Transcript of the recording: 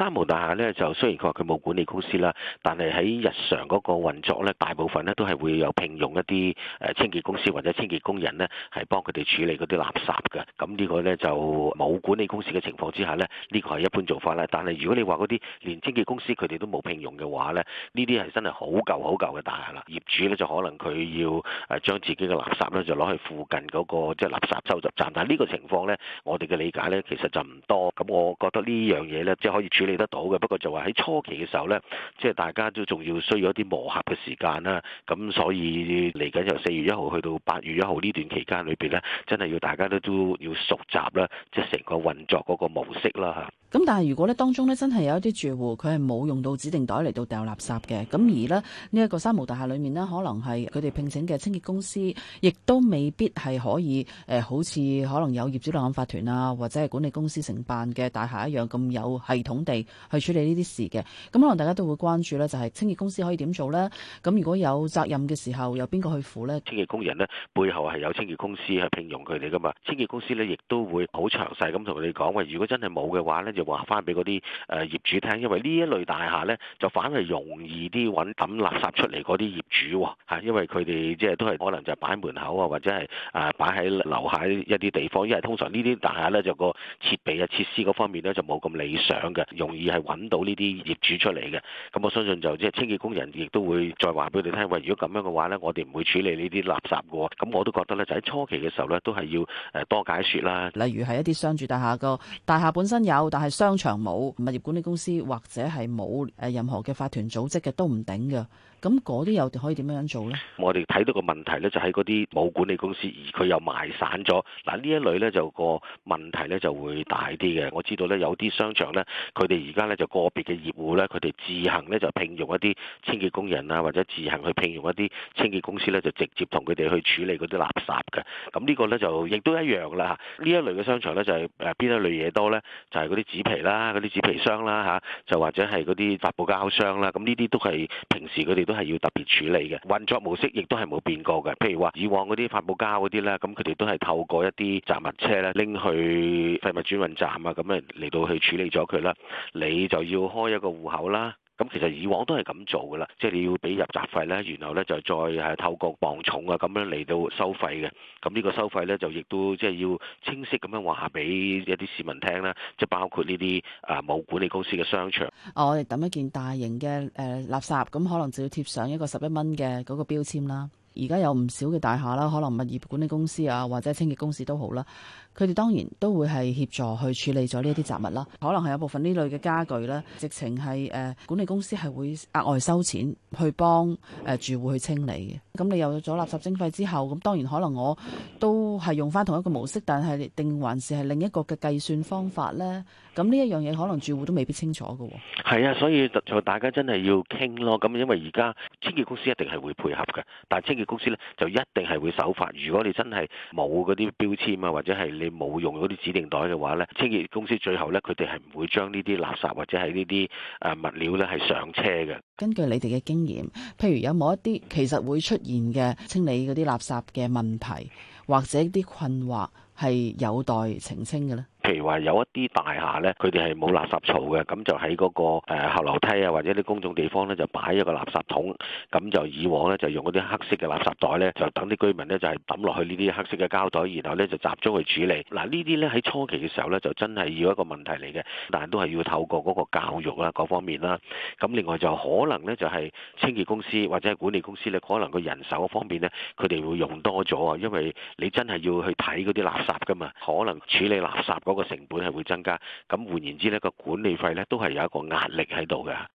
三無大廈咧就雖然佢話佢冇管理公司啦，但係喺日常嗰個運作咧，大部分咧都係會有聘用一啲誒清潔公司或者清潔工人咧，係幫佢哋處理嗰啲垃圾嘅。咁呢個咧就冇管理公司嘅情況之下咧，呢個係一般做法啦。但係如果你話嗰啲連清潔公司佢哋都冇聘用嘅話咧，呢啲係真係好舊好舊嘅大廈啦。業主咧就可能佢要誒將自己嘅垃圾咧就攞去附近嗰個即係垃圾收集站。但係呢個情況咧，我哋嘅理解咧其實就唔多。咁我覺得呢樣嘢咧即係可以處理。記得到嘅，不過就話喺初期嘅時候咧，即係大家都仲要需要一啲磨合嘅時間啦。咁所以嚟緊由四月一號去到八月一號呢段期間裏邊咧，真係要大家都都要熟習啦，即係成個運作嗰個模式啦吓。咁但係如果咧，當中咧真係有一啲住戶佢係冇用到指定袋嚟到掉垃圾嘅，咁而呢，呢一個三無大廈裏面呢可能係佢哋聘請嘅清潔公司，亦都未必係可以、呃、好似可能有業主立案法團啊，或者係管理公司承辦嘅大廈一樣咁有系統地去處理呢啲事嘅。咁可能大家都會關注呢就係、是、清潔公司可以點做呢？咁如果有責任嘅時候，有邊個去負呢？清潔工人呢，背後係有清潔公司去聘用佢哋噶嘛。清潔公司呢，亦都會好詳細咁同你講，喂，如果真係冇嘅話呢話翻俾嗰啲誒業主聽，因為呢一類大廈呢，就反而容易啲揾抌垃圾出嚟嗰啲業主，吓，因為佢哋即係都係可能就擺門口啊，或者係啊擺喺樓下一啲地方。因為通常呢啲大廈呢，就個設備啊、設施嗰方面呢，就冇咁理想嘅，容易係揾到呢啲業主出嚟嘅。咁我相信就即係清潔工人亦都會再話俾你聽，喂，如果咁樣嘅話呢，我哋唔會處理呢啲垃圾嘅。咁我都覺得呢，就喺初期嘅時候呢，都係要誒多解說啦。例如係一啲商住大廈個大廈本身有，但係。商場冇物業管理公司，或者係冇誒任何嘅法團組織嘅，都唔頂嘅。咁嗰啲又可以點樣做呢？我哋睇到個問題呢，就係嗰啲冇管理公司，而佢又賣散咗嗱，呢一類呢，就個問題呢就會大啲嘅。我知道呢，有啲商場呢，佢哋而家呢，就個別嘅業戶呢，佢哋自行呢，就聘用一啲清潔工人啊，或者自行去聘用一啲清潔公司呢，就直接同佢哋去處理嗰啲垃圾嘅。咁呢個呢，就亦都一樣啦嚇。呢一類嘅商場呢，就係誒邊一類嘢多呢？就係嗰啲紙皮啦、嗰啲紙皮箱啦嚇，就或者係嗰啲發泡膠箱啦。咁呢啲都係平時佢哋。都係要特別處理嘅運作模式，亦都係冇變過嘅。譬如話以往嗰啲發泡膠嗰啲啦，咁佢哋都係透過一啲雜物車咧拎去廢物轉運站啊，咁嚟嚟到去處理咗佢啦。你就要開一個戶口啦。咁其實以往都係咁做嘅啦，即係你要俾入閘費咧，然後咧就再係透過磅重啊咁樣嚟到收費嘅。咁呢個收費咧就亦都即係要清晰咁樣話俾一啲市民聽啦，即係包括呢啲啊冇管理公司嘅商場。哦，我哋抌一件大型嘅誒垃圾，咁可能就要貼上一個十一蚊嘅嗰個標籤啦。而家有唔少嘅大廈啦，可能物業管理公司啊，或者清潔公司都好啦，佢哋當然都會係協助去處理咗呢一啲雜物啦。可能係有部分呢類嘅家具咧，直情係誒管理公司係會額外收錢去幫誒住戶去清理嘅。咁你有咗垃圾徵費之後，咁當然可能我都係用翻同一個模式，但係定還是係另一個嘅計算方法呢？咁呢一樣嘢可能住戶都未必清楚噶。係啊，所以就大家真係要傾咯。咁因為而家。清潔公司一定係會配合嘅，但係清潔公司呢就一定係會守法。如果你真係冇嗰啲標籤啊，或者係你冇用嗰啲指定袋嘅話呢，清潔公司最後呢，佢哋係唔會將呢啲垃圾或者係呢啲誒物料呢係上車嘅。根據你哋嘅經驗，譬如有冇一啲其實會出現嘅清理嗰啲垃圾嘅問題，或者啲困惑係有待澄清嘅咧？譬如話有一啲大廈呢，佢哋係冇垃圾槽嘅，咁就喺嗰、嗰個誒後、呃、樓梯啊，或者啲公眾地方呢，就擺一個垃圾桶。咁就以往呢，就用嗰啲黑色嘅垃圾袋呢，就等啲居民呢，就係抌落去呢啲黑色嘅膠袋，然後呢，就集中去處理。嗱呢啲呢，喺初期嘅時候呢，就真係要一個問題嚟嘅，但係都係要透過嗰個教育啦、各方面啦。咁另外就可能呢，就係、係、清潔公司或者係管理公司呢，可能個人手方面呢，佢哋會用多咗啊，因為你真係要去睇嗰啲垃圾噶嘛，可能處理垃圾嗰個成本係會增加，咁換言之呢，個管理費咧都係有一個壓力喺度嘅。